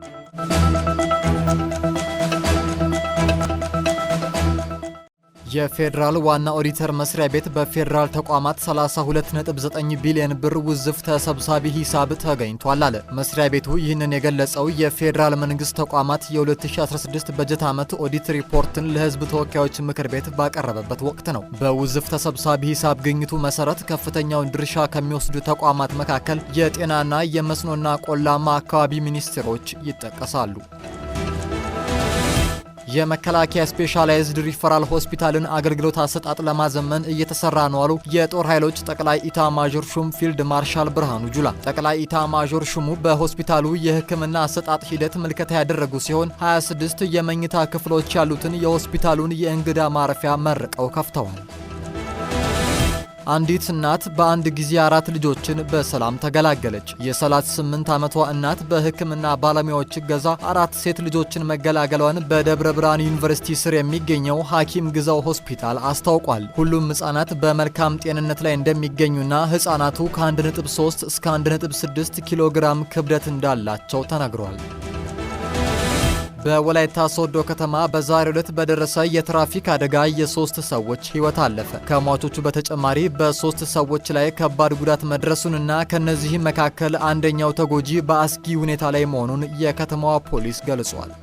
you. የፌዴራል ዋና ኦዲተር መስሪያ ቤት በፌዴራል ተቋማት 32.9 ቢሊዮን ብር ውዝፍ ተሰብሳቢ ሂሳብ ተገኝቷል አለ። መስሪያ ቤቱ ይህንን የገለጸው የፌዴራል መንግስት ተቋማት የ2016 በጀት ዓመት ኦዲት ሪፖርትን ለሕዝብ ተወካዮች ምክር ቤት ባቀረበበት ወቅት ነው። በውዝፍ ተሰብሳቢ ሂሳብ ግኝቱ መሰረት ከፍተኛውን ድርሻ ከሚወስዱ ተቋማት መካከል የጤናና የመስኖና ቆላማ አካባቢ ሚኒስቴሮች ይጠቀሳሉ። የመከላከያ ስፔሻላይዝድ ሪፈራል ሆስፒታልን አገልግሎት አሰጣጥ ለማዘመን እየተሰራ ነው አሉ የጦር ኃይሎች ጠቅላይ ኢታ ማዦር ሹም ፊልድ ማርሻል ብርሃኑ ጁላ። ጠቅላይ ኢታ ማዦር ሹሙ በሆስፒታሉ የሕክምና አሰጣጥ ሂደት ምልከታ ያደረጉ ሲሆን 26 የመኝታ ክፍሎች ያሉትን የሆስፒታሉን የእንግዳ ማረፊያ መርቀው ከፍተዋል። አንዲት እናት በአንድ ጊዜ አራት ልጆችን በሰላም ተገላገለች። የ38 ዓመቷ እናት በሕክምና ባለሙያዎች እገዛ አራት ሴት ልጆችን መገላገሏን በደብረ ብርሃን ዩኒቨርሲቲ ስር የሚገኘው ሐኪም ግዛው ሆስፒታል አስታውቋል። ሁሉም ሕፃናት በመልካም ጤንነት ላይ እንደሚገኙና ሕፃናቱ ከ1.3 እስከ 1.6 ኪሎ ግራም ክብደት እንዳላቸው ተነግሯል። በወላይታ ሶዶ ከተማ በዛሬው ዕለት በደረሰ የትራፊክ አደጋ የሶስት ሰዎች ሕይወት አለፈ። ከሟቾቹ በተጨማሪ በሶስት ሰዎች ላይ ከባድ ጉዳት መድረሱንና ከነዚህ መካከል አንደኛው ተጎጂ በአስጊ ሁኔታ ላይ መሆኑን የከተማዋ ፖሊስ ገልጿል።